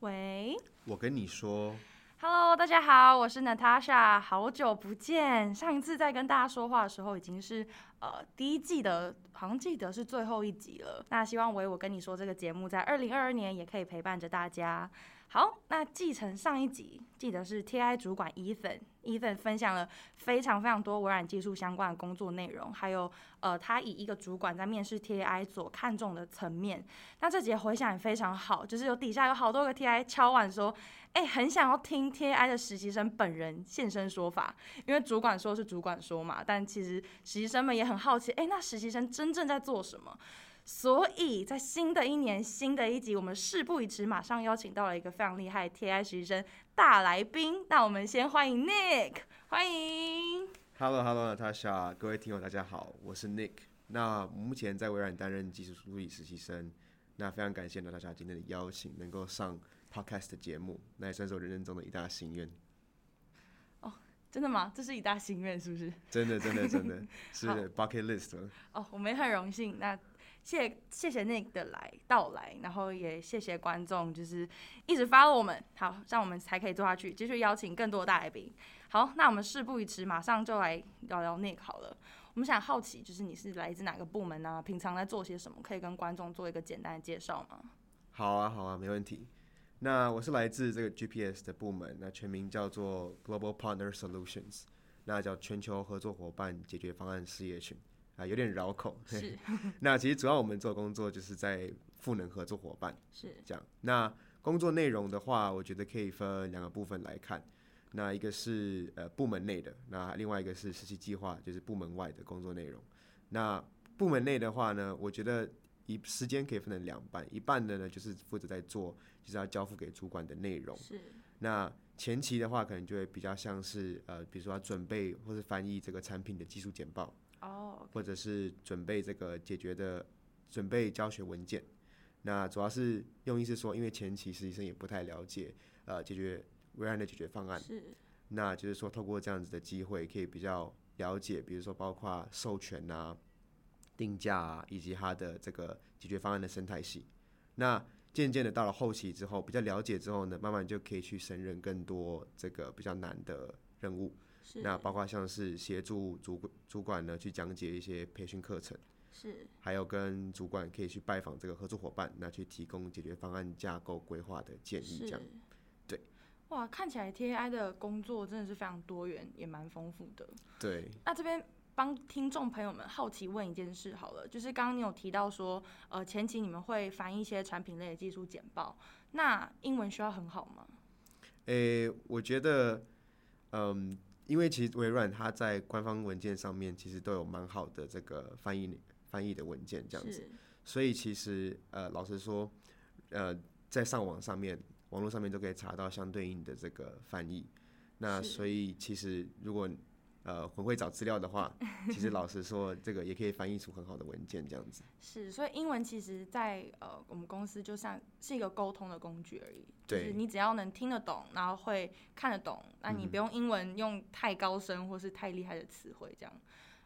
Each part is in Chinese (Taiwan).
喂，我跟你說，Hello，大家好，我是 Natasha，好久不見。上一次在跟大家說話的時候，已經是呃第一季的，好像記得是最後一集了。那希望我有我跟你說這個節目，在二零二二年也可以陪伴着大家。好，那繼承上一集，記得是 TAI 主管 Ethan。伊粉分享了非常非常多微軟技術相關的工作內容，還有呃，他以一個主管在面試 TAI 所看重的層面。那這節回想也非常好，就是有底下有好多個 TAI 敲碗說，誒、欸，很想要聽 TAI 的實習生本人現身說法，因為主管說是主管說嘛，但其實實習生們也很好奇，誒、欸，那實習生真正在做什麼？所以在新的一年新的一集，我們事不宜遲，馬上邀請到了一個非常厲害的 TAI 實習生。大來賓，那我們先歡迎 Nick，歡迎。Hello，Hello，Natasha，各位聽友大家好，我是 Nick。那目前在微軟擔任技術助理實習生，那非常感謝 Natasha 今天的邀請，能夠上 podcast 的節目，那也算是我人生中的一大心願。哦、oh,，真的嗎？這是一大心願，是不是？真的，真的，真的，是 bucket list 哦， oh, 我們也很榮幸。那。謝，謝謝謝 Nick 來到來，然後也謝謝觀眾，就是一直 follow 我們，好，讓我們才可以做下去，繼續邀請更多的大來賓。好，那我們事不宜遲，馬上就來聊聊 Nick 好了。我們想好奇，就是你是來自哪個部門呢、啊？平常在做些什麼？可以跟觀眾做一個簡單的介紹嗎？好啊，好啊，沒問題。那我是來自這個 GPS 的部門，那全名叫做 Global Partner Solutions，那叫全球合作夥伴解決方案事業群。啊，有點繞口，對。是。那其實主要我們做工作就是在賦能合作夥伴，是這樣。那工作內容的話，我覺得可以分兩個部分來看。那一個是呃部門內的，那另外一個是實習計劃，就是部門外的工作內容。那部門內的話呢，我覺得一時間可以分成兩半，一半的呢就是負責在做，就是要交付給主管的內容。是。那前期的話，可能就會比較像是呃，比如說要準備或是翻譯這個產品的技術簡報。哦、Oh, okay。或者是準備這個解決的準備教學文件，那主要是用意是說，因為前期實習生也不太了解，呃，解決微軟的解決方案，是，那就是說，透過這樣子的機會，可以比較了解，比如說包括授權啊、定價啊，以及它的這個解決方案的生態系。那漸漸的到了後期之後，比較了解之後呢，慢慢就可以去勝任更多這個比較難的任務。那包括像是協助主管主管呢去講解一些培訓課程，是，還有跟主管可以去拜訪這個合作夥伴，那去提供解決方案架構規劃的建議這樣，對。哇，看起來 TAI 的工作真的是非常多元，也蠻豐富的。對，那這邊幫聽眾朋友們好奇問一件事好了，就是剛剛你有提到說，呃，前期你們會翻譯一些產品類的技術簡報，那英文需要很好嗎？誒、欸，我覺得，嗯。因為其實微軟它在官方文件上面其實都有蠻好的這個翻譯翻譯的文件這樣子，所以其實呃老實說，呃在上網上面網絡上面都可以查到相對應的這個翻譯，那所以其實如果。呃，會會找資料的話，其實老實說，這個也可以翻譯出很好的文件這樣子。 是，所以英文其實在，在呃，我們公司就像是一個溝通的工具而已。對。就是、你只要能聽得懂，然後會看得懂，那你不用英文用太高深或是太厲害的詞彙這樣。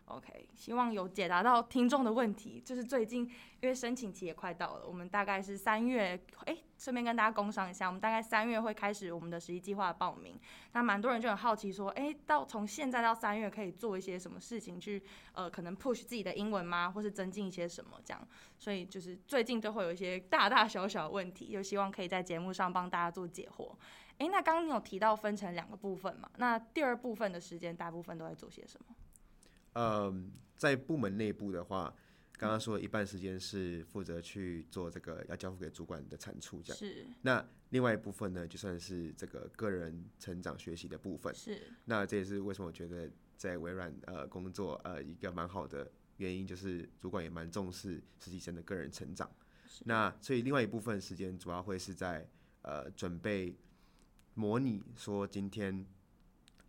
OK，希望有解答到聽眾的問題。就是最近，因為申請期也快到了，我們大概是三月，哎、欸，順便跟大家工商一下，我們大概三月會開始我們的實習計劃報名。那蠻多人就很好奇說，哎、欸，到從現在到三月可以做一些什麼事情去，呃，可能 push 自己的英文嗎，或是增進一些什麼這樣？所以就是最近都會有一些大大小小的問題，就希望可以在節目上幫大家做解惑。哎、欸，那剛剛你有提到分成兩個部分嘛？那第二部分的時間大部分都在做些什麼？嗯，在部門內部的話，剛剛說一半時間是負責去做這個要交付給主管的產出這樣。是。那另外一部分呢，就算是這個個人成長學習的部分。是。那這也是為什麼我覺得在微軟，呃，工作，呃，一個蠻好的原因，就是主管也蠻重視實習生的個人成長。是。那所以另外一部分時間主要會是在呃，準備模擬說今天，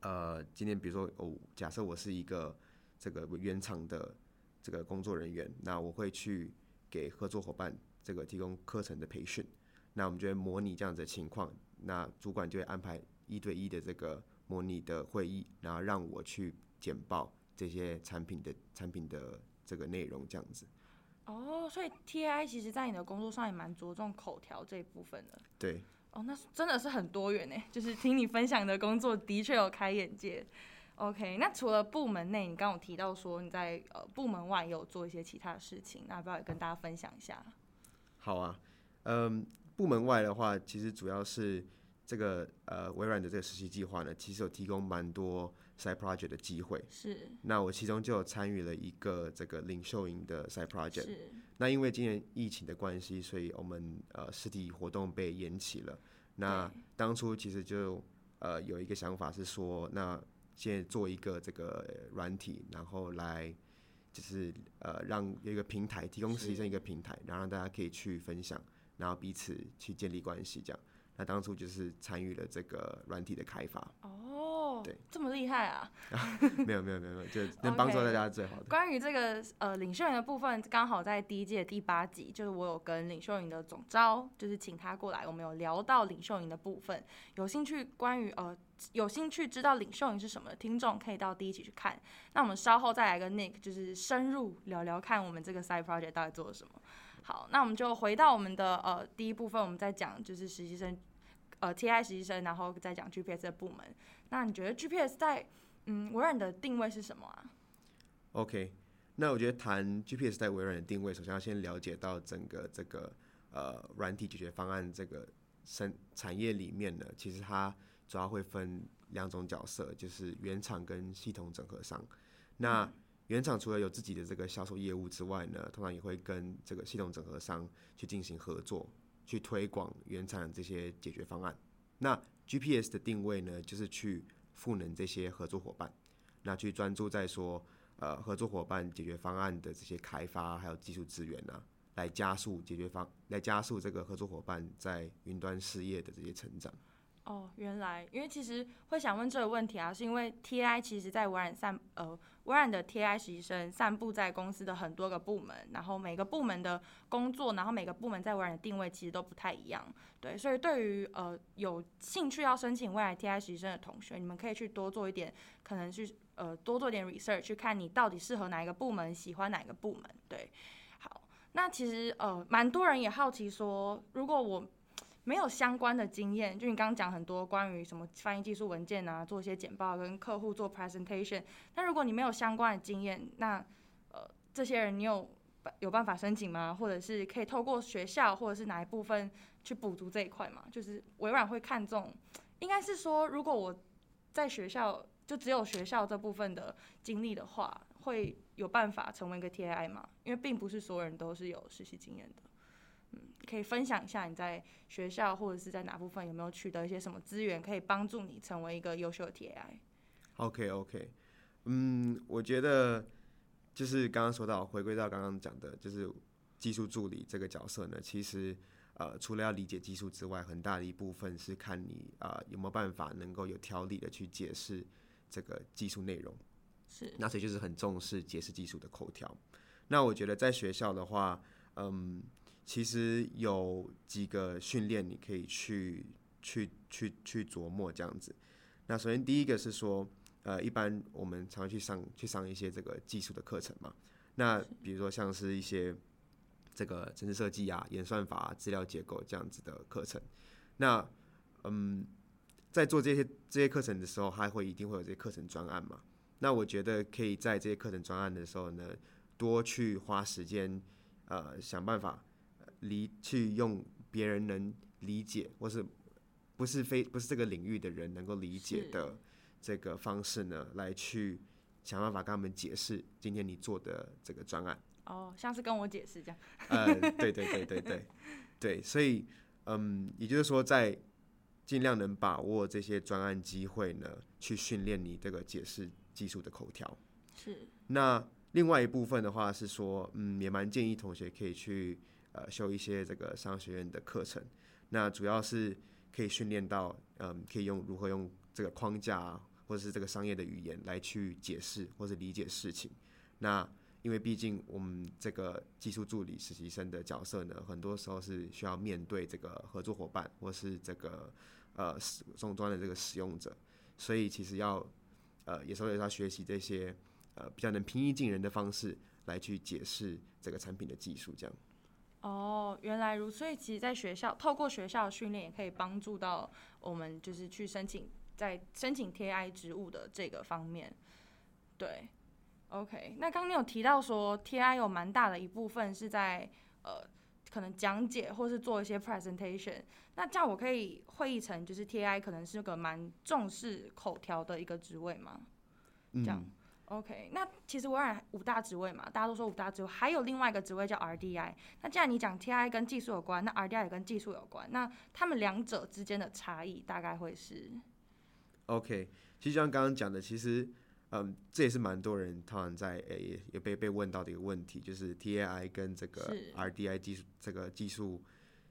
呃，今天比如說哦，假設我是一個。這個原廠的這個工作人員，那我會去給合作夥伴這個提供課程的培訓。那我們就會模擬這樣子的情況，那主管就會安排一對一的這個模擬的會議，然後讓我去簡報這些產品的產品的這個內容這樣子。哦，所以 TAI 其實在你的工作上也蠻着重口條這一部分的。對。哦，那真的是很多元呢。就是聽你分享的工作的確有開眼界。OK，那除了部門內，你剛剛有提到說你在呃部門外也有做一些其他的事情，那要不要跟大家分享一下？好啊，嗯，部門外的話，其實主要是這個呃微軟的這個實習計劃呢，其實有提供蠻多 side project 的機會。是。那我其中就有參與了一個這個領袖營的 side project。是。那因為今年疫情的關係，所以我們呃實體活動被延期了。那當初其實就呃有一個想法是說那。現在做一個這個軟體，然後來就是呃，讓一個平台提供實習生一個平台，然後讓大家可以去分享，然後彼此去建立關係這樣。那當初就是參與了這個軟體的開發。Oh. 這麼厲害啊， 啊！沒有沒有沒有沒有，就是能幫助大家最好的。Okay, 關於這個呃領袖營的部分，剛好在第一季的第八集，就是我有跟領袖營的總召，就是請他過來，我們有聊到領袖營的部分。有興趣關於呃有興趣知道領袖營是什麼的聽眾，可以到第一集去看。那我們稍後再來跟 Nick 就是深入聊聊看我們這個 side project 到底做了什麼。好，那我們就回到我們的呃第一部分，我們再講就是實習生。呃，TAI 實習生，然後再講 GPS 的部門。那你覺得 GPS 在嗯微軟的定位是什麼啊？OK，那我覺得談 GPS 在微軟的定位，首先要先了解到整個這個呃軟體解決方案這個生產業裡面呢，其實它主要會分兩種角色，就是原廠跟系統整合商。那原廠除了有自己的這個銷售業務之外呢，通常也會跟這個系統整合商去進行合作。去推廣原廠這些解決方案，那 GPS 的定位呢，就是去賦能這些合作夥伴，那去專注在說，呃，合作夥伴解決方案的這些開發，還有技術資源呢、啊，來加速解決方，來加速這個合作夥伴在雲端事業的這些成長。哦，原來，因為其實會想問這個問題啊，是因為 TAI 其實，在微軟散呃，微軟的 TAI 實習生散布在公司的很多個部門，然後每個部門的工作，然後每個部門在微軟的定位其實都不太一樣，對，所以對於呃有興趣要申請未來 TAI 實習生的同學，你們可以去多做一點，可能去呃多做一點 research，去看你到底適合哪一個部門，喜歡哪一個部門，對，好，那其實呃，蠻多人也好奇說，如果我沒有相關的經驗，就你剛剛講很多關於什麼翻譯技術文件啊，做一些簡報跟客戶做 presentation。那如果你沒有相關的經驗，那呃，這些人你有有辦法申請嗎？或者是可以透過學校或者是哪一部分去補足這一塊嗎？就是微軟會看重，應該是說如果我在學校就只有學校這部分的經歷的話，會有辦法成為一個 TAI 嗎？因為並不是所有人都是有實習經驗的。可以分享一下你在學校或者是在哪部分有沒有取得一些什麼資源，可以幫助你成為一個優秀的 TAI？OK okay, OK，嗯，我覺得就是剛剛說到，回歸到剛剛講的，就是技術助理這個角色呢，其實呃，除了要理解技術之外，很大的一部分是看你啊、呃、有沒有辦法能夠有條理的去解釋這個技術內容。是，那這就是很重視解釋技術的口條。那我覺得在學校的話，嗯。其實有幾個訓練你可以去去去去，去琢磨這樣子。那首先第一個是說，呃，一般我們常常去上去上一些這個技術的課程嘛。那比如說像是一些這個程式設計啊、演算法、啊、資料結構這樣子的課程。那嗯，在做這些這些課程的時候，還會一定會有這些課程專案嘛。那我覺得可以在這些課程專案的時候呢，多去花時間，呃，想辦法。理去用別人能理解，或是不是非不是這個領域的人能夠理解的這個方式呢，來去想辦法跟他們解釋今天你做的這個專案。哦，像是跟我解釋這樣。呃，對對對對對 對，所以嗯，也就是說，在儘量能把握這些專案機會呢，去訓練你這個解釋技術的口條。是。那另外一部分的話是說，嗯，也蠻建議同學可以去。呃，修一些這個商學院的課程，那主要是可以訓練到，嗯，可以用如何用這個框架，啊，或者是這個商業的語言來去解釋或是理解事情。那因為畢竟我們這個技術助理實習生的角色呢，很多時候是需要面對這個合作夥伴，或是這個呃終端的這個使用者，所以其實要呃，有時候也是要學習這些呃比較能平易近人的方式來去解釋這個產品的技術這樣。哦，原來如此。所以其實，在學校透過學校訓練，也可以幫助到我們，就是去申請在申請 TAI 職務的這個方面。對，OK。那剛剛你有提到說 TAI 有蠻大的一部分是在呃，可能講解或是做一些 presentation。那這樣我可以會意成就是 TAI 可能是一個蠻重視口條的一個職位嗎？嗯。這樣 OK，那其實微軟五大職位嘛，大家都說五大職位，還有另外一個職位叫 RDI。那既然你講 TAI 跟技術有關，那 RDI 也跟技術有關，那他們兩者之間的差異大概會是？OK，其實像剛剛講的，其實嗯，這也是蠻多人通常在誒、欸、也，也被也被問到的一個問題，就是 TAI 跟這個 RDI 技術這個技術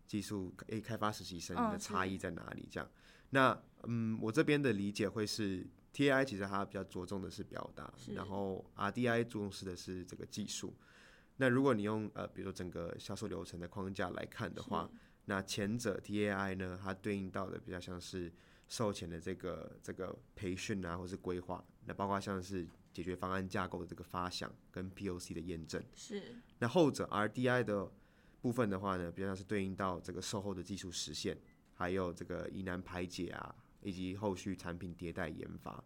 技術欸開發實習生的差異在哪裡、嗯？這樣，那嗯，我這邊的理解會是。T A I 其實它比較着重的是表達，然後 R D I 重視的是這個技術。那如果你用呃，比如說整個銷售流程的框架來看的話，那前者 T A I 呢，它對應到的比較像是售前的這個這個培訓啊，或是規劃，那包括像是解決方案架構的這個發想跟 P O C 的驗證。是。那後者 R D I 的部分的話呢，比較像是對應到這個售後的技術實現，還有這個疑難排解啊。以及後續產品迭代研發。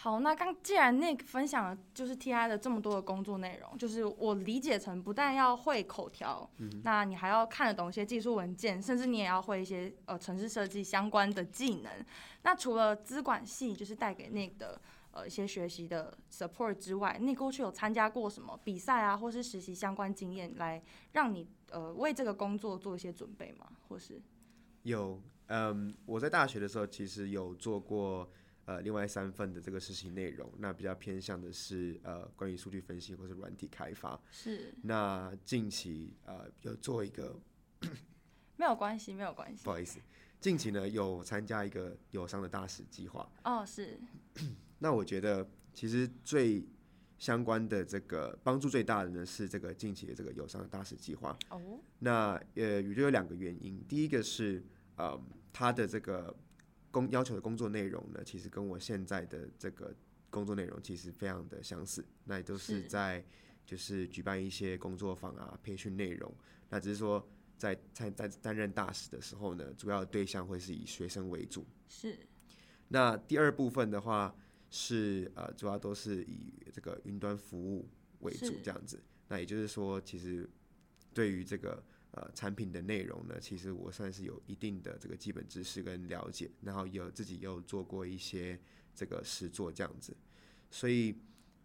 好，那剛既然 Nick 分享了，就是 TAI 的這麼多的工作內容，就是我理解成不但要會口條、嗯，那你還要看得懂一些技術文件，甚至你也要會一些呃程式設計相關的技能。那除了資管系就是帶給 Nick 的呃一些學習的 support 之外，Nick、嗯、過去有參加過什麼比賽啊，或是實習相關經驗來讓你呃為這個工作做一些準備嗎？或是有。嗯、um,，我在大學的時候其實有做過呃另外三份的這個實習內容，那比較偏向的是呃關於數據分析或是軟體開發。是。那近期呃有做一個，沒有關係，沒有關係。不好意思，近期呢有參加一個友商的大使計劃。哦、oh,，是 。那我覺得其實最相關的這個幫助最大的呢是這個近期的這個友商的大使計劃。哦、oh.。那呃有兩個原因，第一個是嗯。呃他的這個工要求的工作內容呢，其實跟我現在的這個工作內容其實非常的相似，那也都是在就是舉辦一些工作坊啊、培訓內容。那只是說在參在擔任大使的時候呢，主要的對象會是以學生為主。是。那第二部分的話是呃，主要都是以這個雲端服務為主這樣子。那也就是說，其實對於這個。呃，產品的內容呢，其實我算是有一定的這個基本知識跟了解，然後有自己也有做過一些這個實作這樣子，所以，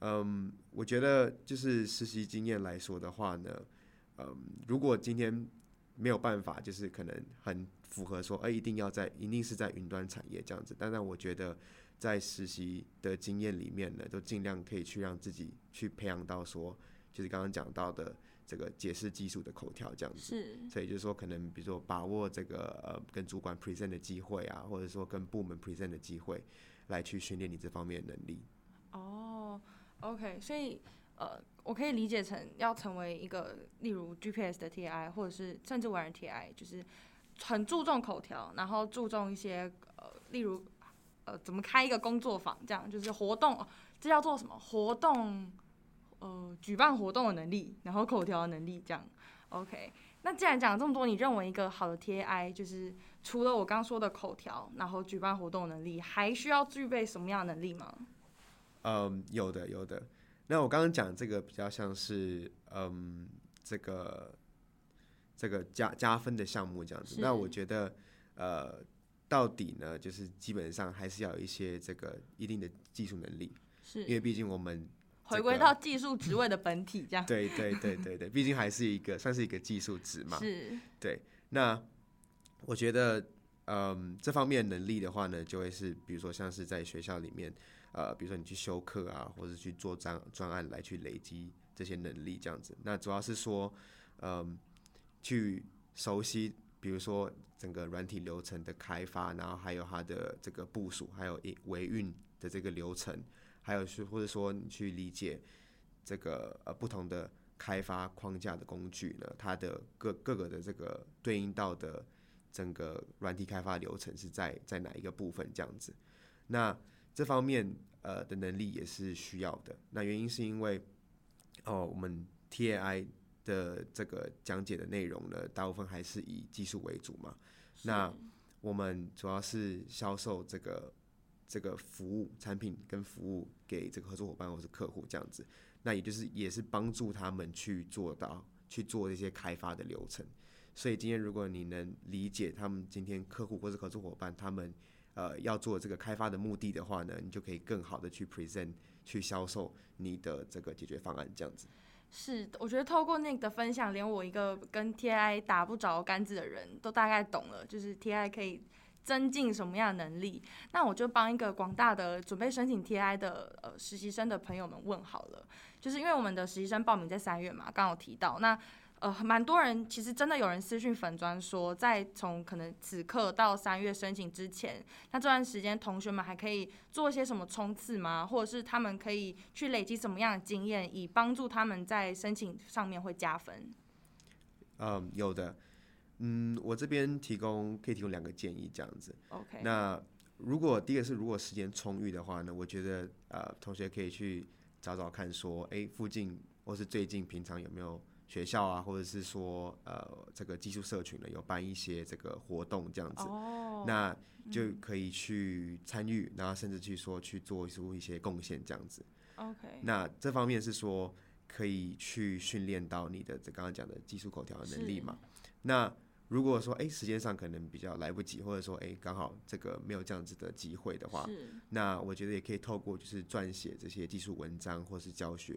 嗯，我覺得就是實習經驗來說的話呢，嗯，如果今天沒有辦法，就是可能很符合說，哎、呃，一定要在，一定是在雲端產業這樣子，但是我覺得在實習的經驗裡面呢，都儘量可以去讓自己去培養到說，就是剛剛講到的。這個解釋技術的口條這樣子，是，所以就是說，可能比如說把握這個呃跟主管 present 的機會啊，或者說跟部門 present 的機會，來去訓練你這方面的能力。哦、oh, OK，所以呃我可以理解成要成為一個例如 GPS 的 TAI，或者是甚至玩人 TAI，就是很注重口條，然後注重一些呃例如呃怎麼開一個工作坊這樣，就是活動，啊、這叫做什麼活動？呃，舉辦活動的能力，然後口條的能力，這樣，OK。那既然講了這麼多，你認為一個好的 TAI 就是除了我剛剛說的口條，然後舉辦活動的能力，還需要具備什麼樣的能力嗎？嗯，有的，有的。那我剛剛講這個比較像是，嗯，這個這個加加分的項目這樣子。那我覺得，呃，到底呢，就是基本上還是要有一些這個一定的技術能力，因為畢竟我們，回歸到技術職位的本體，這樣 對，對對對對對，畢竟還是一個算是一個技術職嘛。是，對。那我覺得，嗯、呃，這方面能力的話呢，就會是比如說像是在學校裡面，呃，比如說你去修課啊，或者去做專專案來去累積這些能力，這樣子。那主要是說，嗯、呃，去熟悉，比如說整個軟體流程的開發，然後還有它的這個部署，還有維運的這個流程。還有是，或者說你去理解這個呃不同的開發框架的工具呢，它的各各個的這個對應到的整個軟體開發流程是在在哪一個部分這樣子，那這方面呃的能力也是需要的。那原因是因為是哦，我們 TAI 的這個講解的內容呢，大部分還是以技術為主嘛。那我們主要是銷售這個。這個服務產品跟服務給這個合作夥伴或是客戶這樣子，那也就是也是幫助他們去做到去做一些開發的流程。所以今天如果你能理解他們今天客戶或是合作夥伴他們呃要做這個開發的目的的話呢，你就可以更好的去 present 去銷售你的這個解決方案這樣子。是，我覺得透過 Nick 的分享，連我一個跟 TAI 打不着竿子的人都大概懂了，就是 TAI 可以。增進什麼樣的能力？那我就幫一個廣大的準備申請 TAI 的呃實習生的朋友們問好了，就是因為我們的實習生報名在三月嘛，剛剛有提到，那呃蠻多人其實真的有人私訊粉專說，在從可能此刻到三月申請之前，那這段時間同學們還可以做一些什麼衝刺嗎？或者是他們可以去累積什麼樣的經驗，以幫助他們在申請上面會加分？嗯，有的。嗯，我這邊提供可以提供兩個建議這樣子。Okay. 那如果第一個是如果時間充裕的話呢，我覺得呃，同學可以去找找看說，說、欸、誒，附近或是最近平常有沒有學校啊，或者是說呃這個技術社群呢，有辦一些這個活動這樣子。Oh, 那就可以去參與、嗯，然後甚至去說去做出一些貢獻這樣子。Okay. 那這方面是說可以去訓練到你的這剛剛講的技術口條的能力嘛？那如果說哎、欸，時間上可能比較來不及，或者說哎、欸，剛好這個沒有這樣子的機會的話，那我覺得也可以透過就是撰寫這些技術文章或是教學，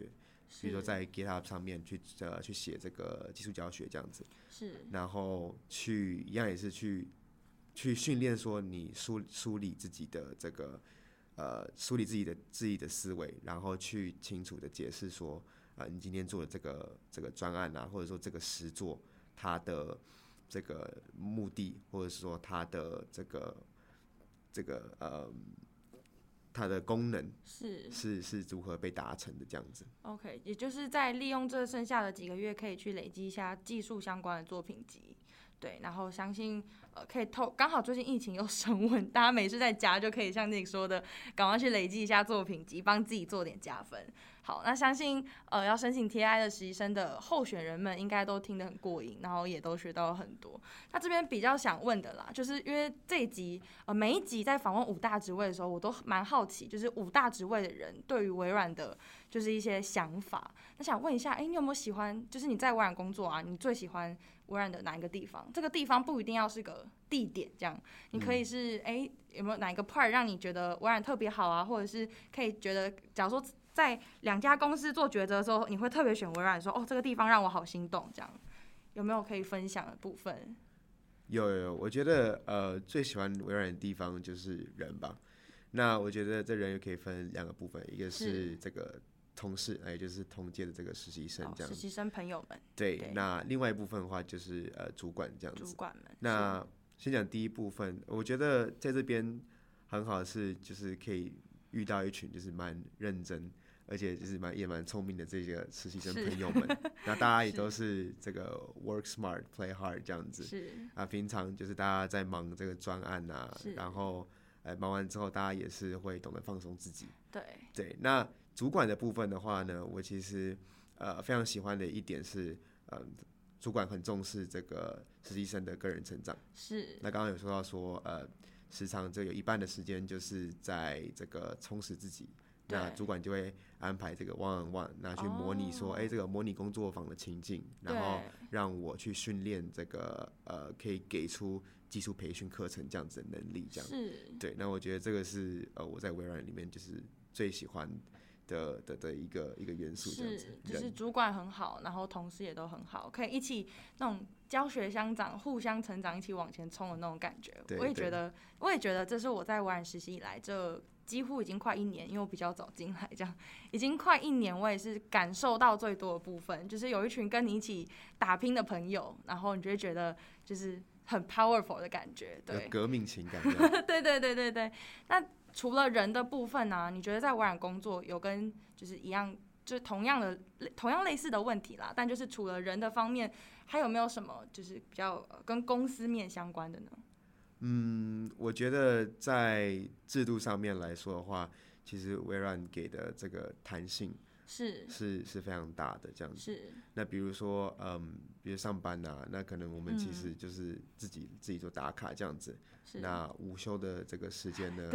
比如說在 GitHub 上面去呃去寫這個技術教學這樣子，是，然後去一樣也是去去訓練說你梳梳理自己的這個呃梳理自己的自己的思維，然後去清楚的解釋說啊、呃、你今天做的這個這個專案啊，或者說這個實作。他的這個目的，或者是說他的這個這個呃，它的功能是是是如何被達成的？這樣子。OK，也就是在利用這剩下的幾個月，可以去累積一下技術相關的作品集。對，然後相信呃可以透，剛好最近疫情又升溫，大家每次在家就可以像你說的，趕快去累積一下作品集，幫自己做點加分。好，那相信呃，要申請 TAI 的實習生的候選人們應該都聽得很過癮，然後也都學到了很多。那這邊比較想問的啦，就是因為這一集呃，每一集在訪問五大職位的時候，我都蠻好奇，就是五大職位的人對於微軟的，就是一些想法。那想問一下，誒、欸，你有沒有喜歡，就是你在微軟工作啊，你最喜歡微軟的哪一個地方？這個地方不一定要是個地點，這樣你可以是誒、欸，有沒有哪一個 part 讓你覺得微軟特別好啊，或者是可以覺得，假如說。在兩家公司做抉擇的時候，你會特別選微軟，說哦，這個地方讓我好心動。這樣有沒有可以分享的部分？有有有，我覺得呃，最喜歡微軟的地方就是人吧。那我覺得這人又可以分兩個部分，一個是這個同事，還有就是同屆的這個實習生，這樣、哦、實習生朋友們對。對，那另外一部分的話就是呃，主管這樣子。主管們。那先講第一部分，我覺得在這邊很好的是就是可以遇到一群就是蠻認真。而且就是蠻也蠻聰明的這些實習生朋友們，那大家也都是這個 work smart, play hard 這樣子。是啊，平常就是大家在忙這個專案啊，然後忙完之後，大家也是會懂得放鬆自己。對對，那主管的部分的話呢，我其實呃非常喜歡的一點是，呃，主管很重視這個實習生的個人成長。是。那剛剛有說到說，呃，時常就有一半的時間就是在這個充實自己。那主管就會安排這個 one on one 那去模擬，說、oh, 哎，這個模擬工作坊的情境，然後讓我去訓練這個呃，可以給出技術培訓課程這樣子的能力，這樣對。那我覺得這個是呃，我在微軟裡面就是最喜歡的的的、的一個一個元素這樣子。就是主管很好，然後同事也都很好，可以一起那種教學相長、互相成長、一起往前衝的那種感覺。我也覺得，我也覺得這是我在微軟實習以來就。幾乎已經快一年，因為我比較早進來，這樣已經快一年，我也是感受到最多的部分，就是有一群跟你一起打拼的朋友，然後你就會覺得就是很 powerful 的感覺，對，革命情感， 對，對對對對對。那除了人的部分呢、啊？你覺得在微軟工作有跟就是一樣，就是同樣的類，同樣類似的問題啦，但就是除了人的方面，還有沒有什麼就是比較跟公司面相關的呢？嗯，我覺得在制度上面來說的話，其實微軟給的這個彈性是是、是非常大的，這樣子。那比如說，嗯，比如上班吶、啊，那可能我們其實就是自己、嗯、自己做打卡這樣子。那午休的這個時間呢？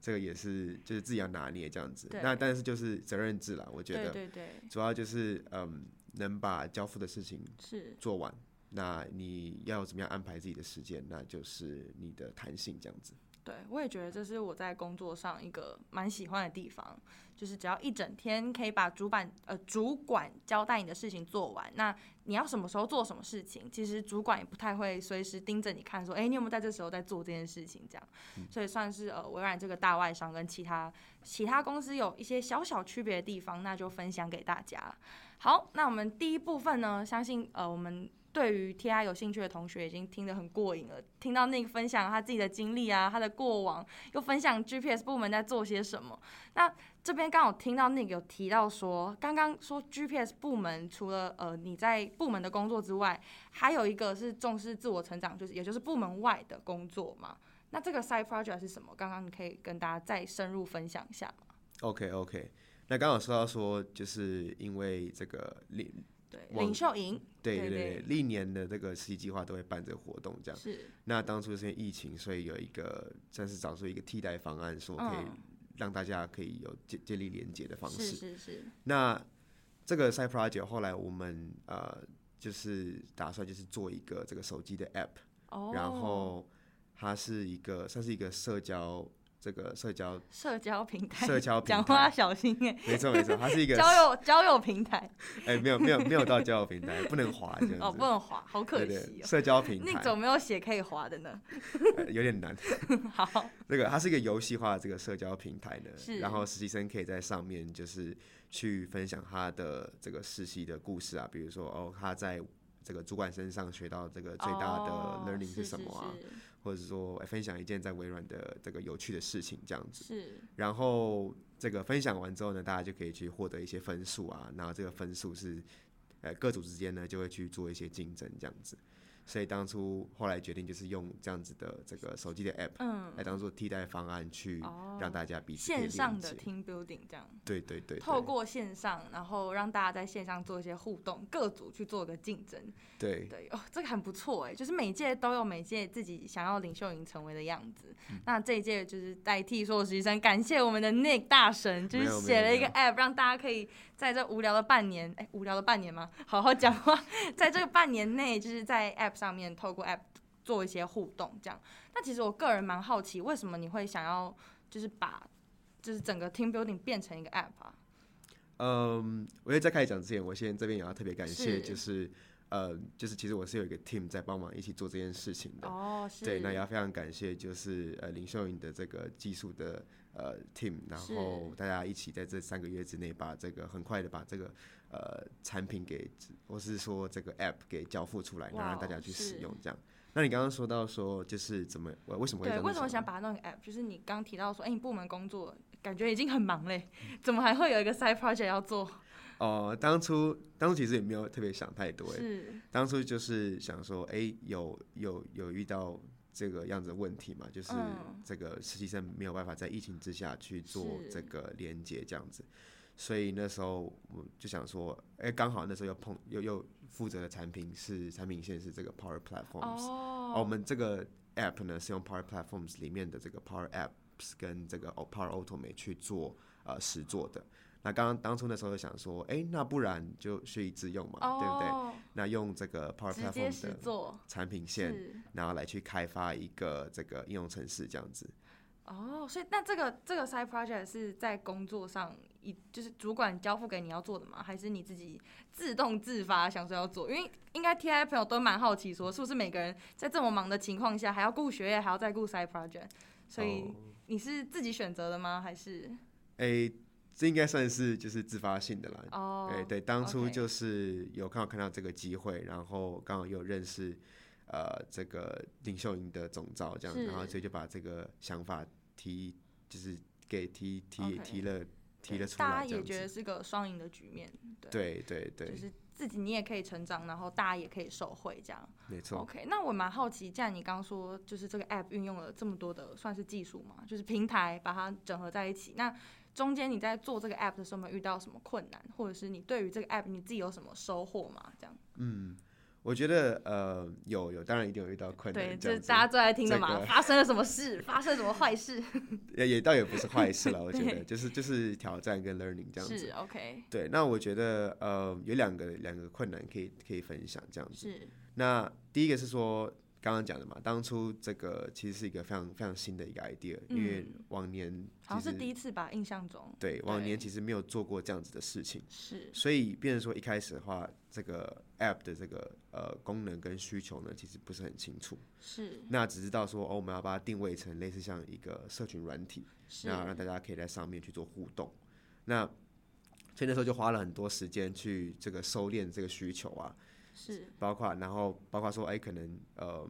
這個也是就是自己要拿捏這樣子。那但是就是責任制啦，我覺得、就是。對對對。主要就是嗯，能把交付的事情是做完。那你要怎麼樣安排自己的時間？那就是你的彈性這樣子。對，我也覺得這是我在工作上一個蠻喜歡的地方，就是只要一整天可以把主板，呃，主管交代你的事情做完，那你要什麼時候做什麼事情，其實主管也不太會隨時盯着你看說，哎，你有沒有在這時候在做這件事情這樣。所以算是呃微軟這個大外商跟其他其他公司有一些小小區別的地方，那就分享給大家。好，那我們第一部分呢，相信呃我們。對於 TAI 有興趣的同學已經聽得很過癮了，聽到那個分享他自己的經歷啊，他的過往，又分享 G P S 部門在做些什麼。那這邊剛好聽到那個有提到說，剛剛說 G P S 部門除了呃你在部門的工作之外，還有一個是重視自我成長，就是也就是部門外的工作嘛。那這個 Side Project 是什麼？剛剛你可以跟大家再深入分享一下嗎？OK OK，那剛好說到說，就是因為這個對，領袖營，對對對，歷年的這個實習計劃都會辦這個活動這樣。是。那當初是因為疫情，所以有一個算是找出一個替代方案，說可以讓大家可以有建建立連接的方式。嗯，是是是。那這個 Side Project 後來我們呃就是打算就是做一個這個手機的 App，哦，然後它是一個算是一個社交。這個社交社交平台，社交講話要小心耶，欸。沒錯沒錯，它是一個交友交友平台。哎，欸，沒有沒有沒有到交友平台， 不能滑。這樣子。哦，不能滑。好可惜哦。對對對，社交平台那種沒有寫可以滑的呢、？ 呃，有點難。好， 那個它是一個遊戲化的這個社交平台呢，然後實習生可以在上面就是去分享他的這個實習的故事啊，比如說哦，他在這個主管身上學到這個最大的 learning，oh, 是什麼啊。是是是。或者說，分享一件在微軟的這個有趣的事情，這樣子。然後這個分享完之後呢，大家就可以去獲得一些分數啊，然後這個分數是，呃，各組之間呢就會去做一些競爭，這樣子。所以當初後來決定就是用這樣子的這個手機的 app 嗯，來當做替代方案，去讓大家彼此、哦、線上的 team building 這樣。對，對對對。透過線上對對對，然後讓大家在線上做一些互動，各組去做個競爭。對對哦，這個很不錯哎、欸，就是每屆都有每屆自己想要領袖營成為的樣子。嗯、那這一屆就是代替所有實習生，感謝我們的 Nick 大神，就是寫了一個 app 讓大家可以。在這無聊的半年，哎、欸，無聊的半年嗎？好好講話，在這個半年內，就是在 app 上面透過 app 做一些互動，這樣。那其實我個人蠻好奇，為什麼你會想要就是把就是整個 team building 變成一個 app 啊？嗯、um，我要在開始講之前，我先這邊也要特別感謝是就是。呃，就是其實我是有一個 team 在幫忙一起做這件事情的。哦，是。對，那也要非常感謝，就是呃林秀穎的這個技術的呃 team，然後大家一起在這三個月之內，把這個很快的把這個呃產品給，或是說這個 app 給交付出來，然後讓大家去使用這樣。那你剛剛說到說，就是怎麼我為什麼會這樣？對，為什麼想把它弄個 app？就是你剛提到說，哎、欸，你部門工作感覺已經很忙嘞，怎麼還會有一個 side project 要做？哦、呃，當初當初其實也沒有特別想太多，當初就是想說，哎、欸，有有有遇到這個樣子的問題嘛，就是這個實習生沒有辦法在疫情之下去做這個連接這樣子，所以那時候我就想說，哎、欸，剛好那時候又碰又又負責的產品是產品線是這個 Power Platforms，哦、oh，而、呃、我們這個 App 呢是用 Power Platforms 裡面的這個 Power Apps 跟這個 Power Automate 去做呃實作的。那剛剛當初那時候就想說，哎、欸，那不然就學以致用嘛，oh, 對不對？那用這個 Power Platform 的產品線，然後來去開發一個這個應用程式這樣子。哦、oh, 所以那這個這個 Side Project 是在工作上，一就是主管交付給你要做的嗎？還是你自己自動自發想說要做？因為應該 TAI 朋友都蠻好奇，說是不是每個人在這麼忙的情況下，還要顧學業，還要再顧 Side Project？所以你是自己選擇的嗎？Oh, 還是誒？欸這應該算是就是自發性的啦。哦。哎，對，當初就是有剛好看到這個機會，okay. 然後剛好又認識，呃，這個領袖營的總召這樣，然後所以就把這個想法提，就是給提提提，提了，okay. 提了，提了出來。大家也覺得是個雙贏的局面。對。對對對。就是自己你也可以成長，然後大家也可以受惠這樣。沒錯。OK，那我蠻好奇，既然你剛說就是這個 App 運用了這麼多的算是技術嘛，就是平台把它整合在一起，那。中間你在做這個 app 的時候，有沒有遇到什麼困難？或者是你對於這個 app 你自己有什麼收穫嗎？這樣？嗯，我覺得呃有有，當然一定有遇到困難，對這樣就是大家最愛聽的嘛，這個、發生了什麼事？ 發生什麼壞事？也也倒也不是壞事了，我覺得就是就是挑戰跟 learning 這樣子。OK，對。那我覺得呃有兩個兩個困難可以可以分享這樣子。是。那第一個是說。剛剛講的嘛，當初這個其實是一個非常非常新的一個 idea，嗯，因為往年好像是第一次吧，印象中對，往年其實沒有做過這樣子的事情，是，所以變成說一開始的話，這個 app 的這個呃功能跟需求呢，其實不是很清楚，是，那只知道說哦，我們要把它定位成類似像一個社群軟體，是，那讓大家可以在上面去做互動，那所以那時候就花了很多時間去這個收斂這個需求啊。是，包括然後包括說，哎、欸，可能呃，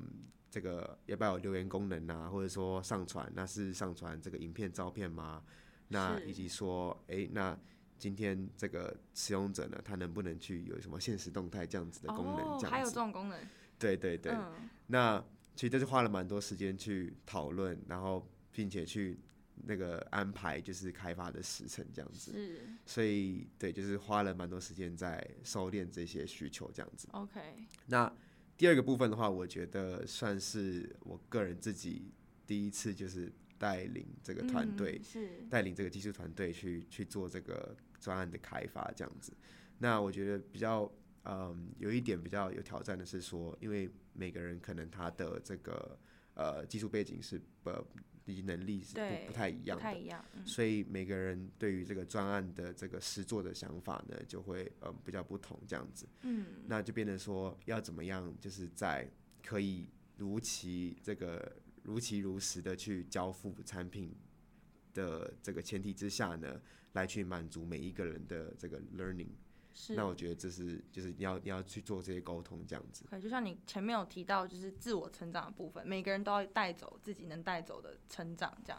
這個要不要留言功能啊？或者說上傳，那是上傳這個影片、照片嗎？那以及說，哎、欸，那今天這個使用者呢，他能不能去有什麼限時動態這樣子的功能？這樣子。哦，還有這種功能。對對對，嗯、那其實就是花了蠻多時間去討論，然後並且去。那個安排就是開發的時程，這樣子，是，所以對，就是花了蠻多時間在收斂這些需求這樣子。OK 那。那第二個部分的話，我覺得算是我個人自己第一次就是帶領這個團隊，帶、嗯、領這個技術團隊去去做這個專案的開發這樣子。那我覺得比較嗯，有一點比較有挑戰的是說，因為每個人可能他的這個呃技術背景是不。以及能力是不不太一樣的不太一樣，嗯，所以每個人對於這個專案的這個實作的想法呢，就會嗯比較不同這樣子，嗯，那就變成說要怎麼樣，就是在可以如期這個如期如實的去交付產品的這個前提之下呢，來去滿足每一個人的這個 learning。那我覺得這是就是要要去做這些溝通這樣子，對，okay，就像你前面有提到，就是自我成長的部分，每個人都要帶走自己能帶走的成長這樣，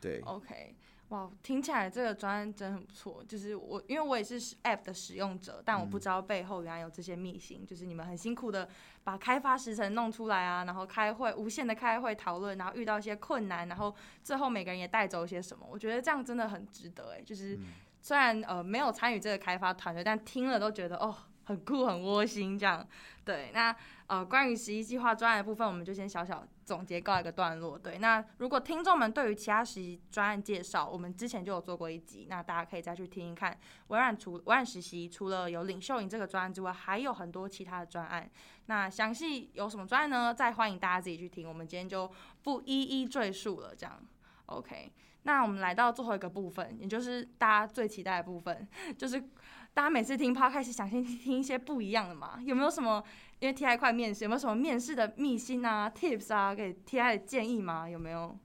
對，OK，哇、wow,，聽起來這個專案真的很不錯，就是我因為我也是 App 的使用者，但我不知道背後原來有這些秘辛，嗯、就是你們很辛苦的把開發時程弄出來啊，然後開會無限的開會討論，然後遇到一些困難，然後最後每個人也帶走一些什麼，我覺得這樣真的很值得哎、欸，就是。嗯雖然呃沒有參與這個開發團隊，但聽了都覺得哦很酷很窩心這樣。對，那呃關於實習計劃專案的部分，我們就先小小總結告一個段落。對，那如果聽眾們對於其他實習專案介紹，我們之前就有做過一集，那大家可以再去聽聽看。微軟除微軟實習除了有領袖營這個專案之外，還有很多其他的專案。那詳細有什麼專案呢？再歡迎大家自己去聽，我們今天就不一一贅述了。這樣，OK。那我們來到最後一個部分，也就是大家最期待的部分，就是大家每次聽 podcast 想先聽一些不一樣的嘛？有沒有什麼？因為 T A I 快面試，有沒有什麼面試的秘辛啊、tips 啊，給 T A I 的建議嗎？有沒有？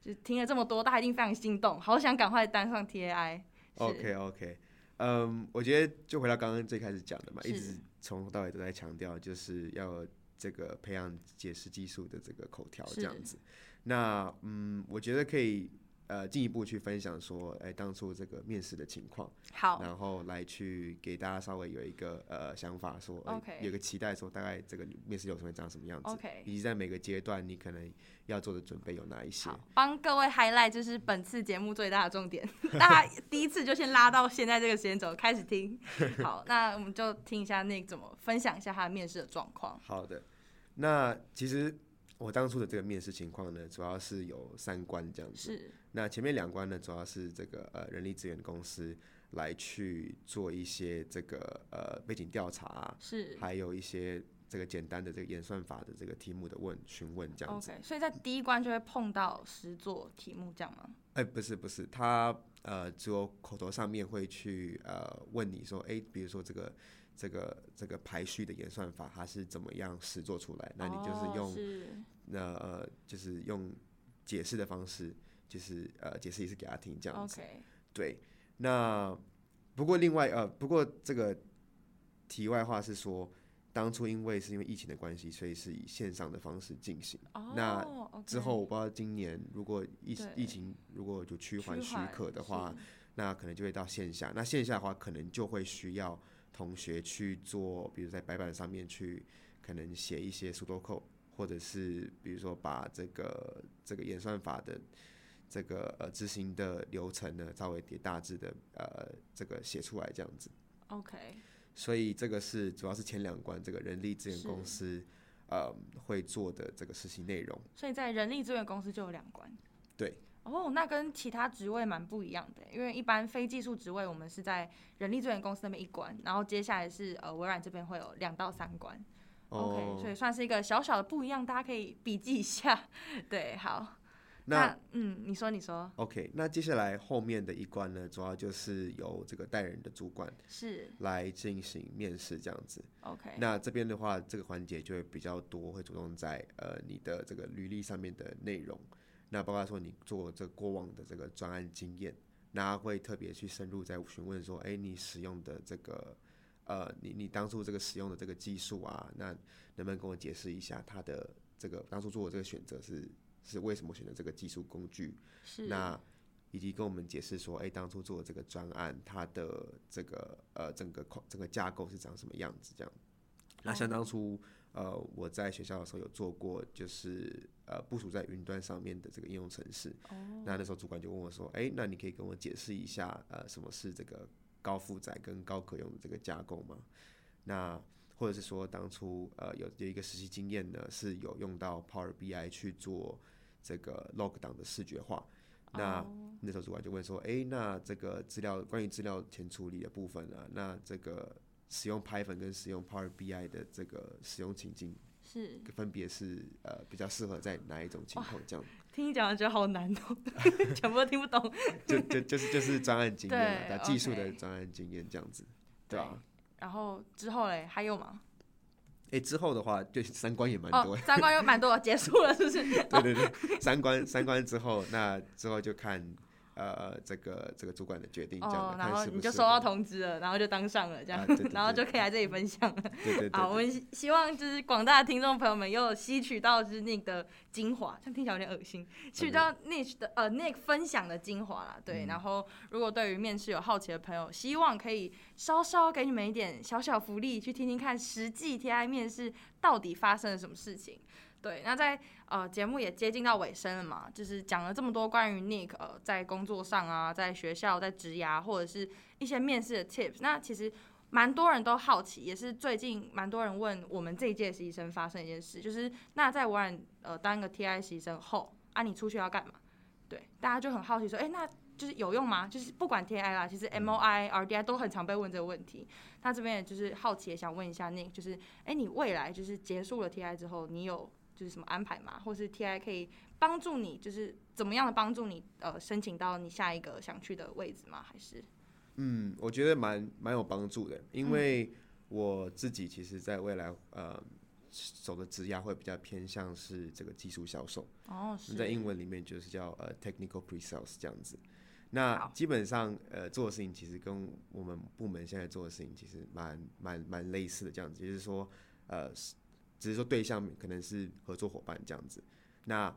就聽了這麼多，大家一定非常心動，好想趕快當上 T A I？OK OK，嗯、um，我覺得就回到剛剛最開始講的嘛，一直從頭到尾都在強調，就是要這個培養解釋技術的這個口條這樣子。那嗯，我覺得可以。呃，進一步去分享說，哎、欸，當初這個面試的情況，好，然後來去給大家稍微有一個呃想法說，說，OK、呃、有個期待，說大概這個面試流程會長什麼樣子，OK，以及在每個階段你可能要做的準備有哪一些，好，幫各位 highlight 就是本次節目最大的重點， 大家第一次就先拉到現在這個時間軸開始聽，好，那我們就聽一下那怎麼分享一下他面試的狀況，好的，那其實。我當初的這個面試情況呢，主要是有三關這樣子。是。那前面兩關呢，主要是這個呃人力資源公司來去做一些這個呃背景調查啊。是。還有一些這個簡單的這個演算法的這個題目的問詢問這樣子。Okay，所以在第一關就會碰到實作題目這樣嗎？誒，不是不是，他呃只有口頭上面會去呃問你說，誒，比如說這個。這個這個排序的演算法它是怎麼樣實作出來？那你就是用、oh, 那是呃就是用解釋的方式，就是呃解釋一次給他聽這樣子。Okay. 對。那不過另外呃不過這個題外話是說，當初因為是因為疫情的關係，所以是以線上的方式進行。Oh, okay. 那之後我不知道今年如果疫疫情如果就趨緩許可的話，那可能就會到線下。那線下的話可能就會需要。同學去做，比如在白板上面去可能寫一些 pseudo code，或者是比如說把這個這個演算法的這個呃執行的流程呢，稍微給大致的呃這個寫出來這樣子。OK。所以這個是主要是前兩關，這個人力資源公司呃會做的這個實習內容。所以在人力資源公司就有兩關。對。哦，那跟其他職位蠻不一樣的，因為一般非技術職位我們是在人力資源公司那邊一關，然後接下來是呃微軟這邊會有兩到三關，哦，OK，所以算是一個小小的不一樣，大家可以筆記一下。對，好，那，那嗯，你說你說，OK，那接下來後面的一關呢，主要就是由這個帶人的主管是來進行面試這樣子，OK，那這邊的話這個環節就會比較多，會著重在呃你的這個履歷上面的內容。那包括說你做這過往的這個專案經驗，那會特別去深入在詢問說，誒、欸，你使用的這個，呃，你你當初這個使用的這個技術啊，那能不能跟我解釋一下它的這個當初做的這個選擇是是為什麼選擇這個技術工具？是那以及跟我們解釋說，誒、欸，當初做的這個專案，它的這個呃整個框整個架構是長什麼樣子這樣？那像當初。哦呃，我在學校的時候有做過，就是呃部署在雲端上面的這個應用程式。Oh. 那那時候主管就問我說：“誒、欸，那你可以跟我解釋一下，呃，什麼是這個高負載跟高可用的這個架構嗎？”那或者是說當初呃有有一個實習經驗呢，是有用到 Power BI 去做這個 log 檔的視覺化。那、oh. 那時候主管就問說：“誒、欸，那這個資料關於資料前處理的部分呢、啊？”那這個？”使用 Python 跟使用 Power BI 的這個使用情境是，分別是呃比較適合在哪一種情況這樣？聽你講完覺得好難懂、喔， 全部都聽不懂。就就就，就是就是專案經驗嘛，啊 okay、技術的專案經驗這樣子，對啊。然後之後嘞還有嗎？誒、欸，之後的話就三關也蠻多、哦，三關又蠻多， 結束了是不是？對對對，三關三關之後， 那之後就看。呃，這個這個主管的決定，這樣、哦，然後你就收到通知了，然後就當上了、嗯、這樣、啊對對對，然後就可以來這裡分享了。嗯、對對對，對。我們希望就是廣大的聽眾朋友們又吸取到是那個精華，像聽起來有點噁心，吸取到 Nick 的、okay. 呃那個、分享的精華了。對、嗯，然後如果對於面試有好奇的朋友，希望可以稍稍給你們一點小小福利，去聽聽看實際 TAI 面試到底發生了什麼事情。對，那在呃，節目也接近到尾聲了嘛，就是講了這麼多關於 Nick 呃，在工作上啊，在學校，在職涯或者是一些面試的 Tips，那其實蠻多人都好奇，也是最近蠻多人問我們這一屆實習生發生一件事，就是那在完呃，當個 TAI 實習生後啊，你出去要幹嘛？對，大家就很好奇說，哎、欸，那就是有用嗎？就是不管 TAI 啦，其實 MOIRDI 都很常被問這個問題。那這邊就是好奇也想問一下 Nick，就是哎、欸、你未來就是結束了 TAI 之後，你有就是什麼安排嘛，或是 TAI 可以幫助你，就是怎麼樣的幫助你，呃，申請到你下一個想去的位置嗎？還是？嗯，我覺得蠻蠻有幫助的，因為我自己其實在未來呃走的職涯會比較偏向是這個技術銷售，哦、是、嗯、在英文裡面就是叫呃 Technical Pre-Sales 這樣子。那基本上呃做的事情其實跟我們部門現在做的事情其實蠻蠻蠻類似的，這樣子，就是說呃。只是說，對象可能是合作夥伴這樣子，那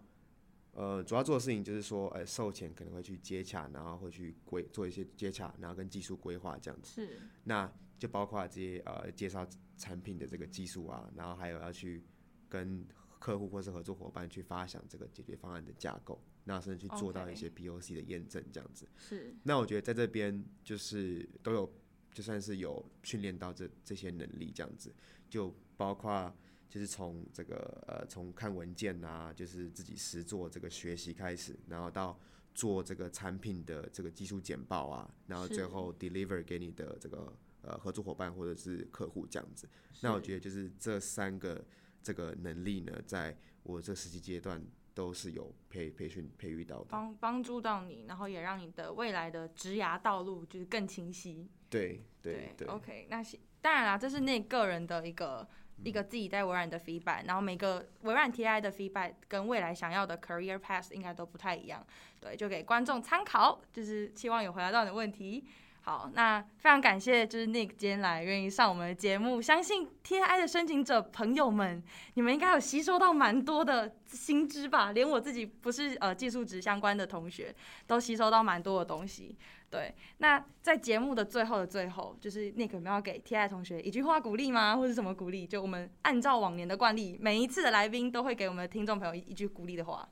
呃主要做的事情就是說，呃，售前可能會去接洽，然後會去規做一些接洽，然後跟技術規劃這樣子。是，那就包括這些呃介紹產品的這個技術啊，然後還有要去跟客戶或是合作夥伴去發想這個解決方案的架構，那甚至去做到一些 POC 的驗證這樣子。是、okay.，那我覺得在這邊就是都有就算是有訓練到這這些能力這樣子，就包括。就是從這個呃，從看文件啊，就是自己實作這個學習開始，然後到做這個產品的這個技術簡報啊，然後最後 deliver 給你的這個呃合作夥伴或者是客戶這樣子。那我覺得就是這三個這個能力呢，在我這實習階段都是有培培訓培育到的，幫幫助到你，然後也讓你的未來的職涯道路就是更清晰。對對對，對。OK，那是當然啦，這是你個人的一個。一個自己在微軟的 feedback，然後每個微軟 TAI 的 feedback 跟未來想要的 career path 應該都不太一樣，對，就給觀眾參考，就是期望有回答到你的問題。好，那非常感謝，就是 Nick 今天來願意上我們的節目。相信 TAI 的申請者朋友們，你們應該有吸收到蠻多的新知吧？連我自己不是呃技術職相關的同學，都吸收到蠻多的東西。對，那在節目的最後的最後，就是 Nick 有沒有要給 TAI 同學一句話鼓勵嗎？或者什麼鼓勵？就我們按照往年的慣例，每一次的來賓都會給我們的聽眾朋友一一句鼓勵的話。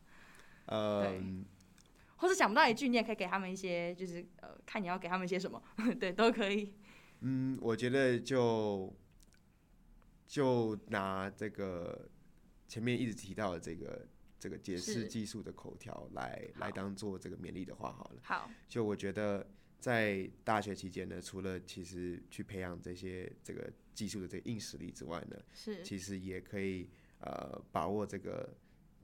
對。呃。Um... 或者想不到一句，你也可以給他們一些，就是呃，看你要給他們一些什麼，呵呵對，都可以。嗯，我覺得就就拿這個前面一直提到的這個這個解釋技術的口條來來當做這個勉勵的話好了。好。就我覺得在大學期間呢，除了其實去培養這些這個技術的這個硬實力之外呢，是其實也可以呃把握這個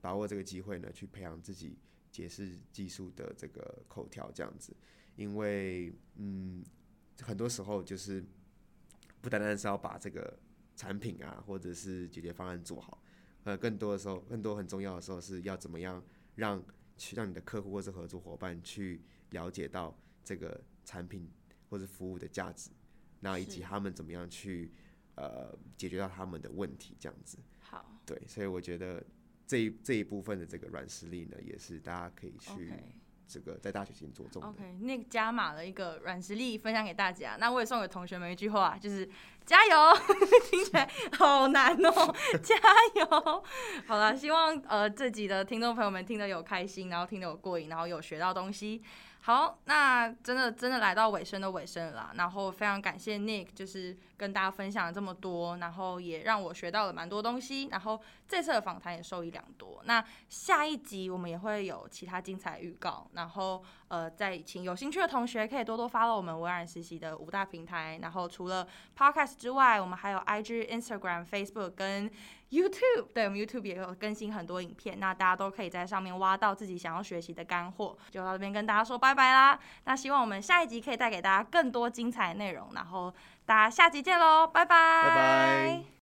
把握這個機會呢去培養自己。也是技術的這個口條這樣子，因為嗯，很多時候就是不單單是要把這個產品啊，或者是解決方案做好，呃，更多的時候，更多很重要的時候是要怎麼樣讓去讓你的客戶或是合作夥伴去了解到這個產品或是服務的價值，那以及他們怎麼樣去呃解決到他們的問題這樣子。好，對，所以我覺得。這一這一部分的這個軟實力呢，也是大家可以去這個在大學期間着重的。OK，那、okay, Nick 加碼了一個軟實力分享給大家，那我也送給同學們一句話，就是加油， 聽起來好難哦、喔， 加油！好了，希望呃這集的聽眾朋友們聽得有開心，然後聽得有過癮，然後有學到東西。好，那真的真的來到尾聲的尾聲了，然後非常感謝 Nick，就是。跟大家分享了這麼多，然後也讓我學到了蠻多東西，然後這次的訪談也受益良多。那下一集我們也會有其他精彩的預告，然後呃，再請有興趣的同學可以多多 follow 我們微軟實習的五大平台。然後除了 podcast 之外，我們還有 IG、Instagram、Facebook 跟 YouTube。對，我們 YouTube 也有更新很多影片，那大家都可以在上面挖到自己想要學習的乾貨。就到這邊跟大家說拜拜啦，那希望我們下一集可以帶給大家更多精彩的內容，然後。大家下集見嘍，拜拜。Bye bye。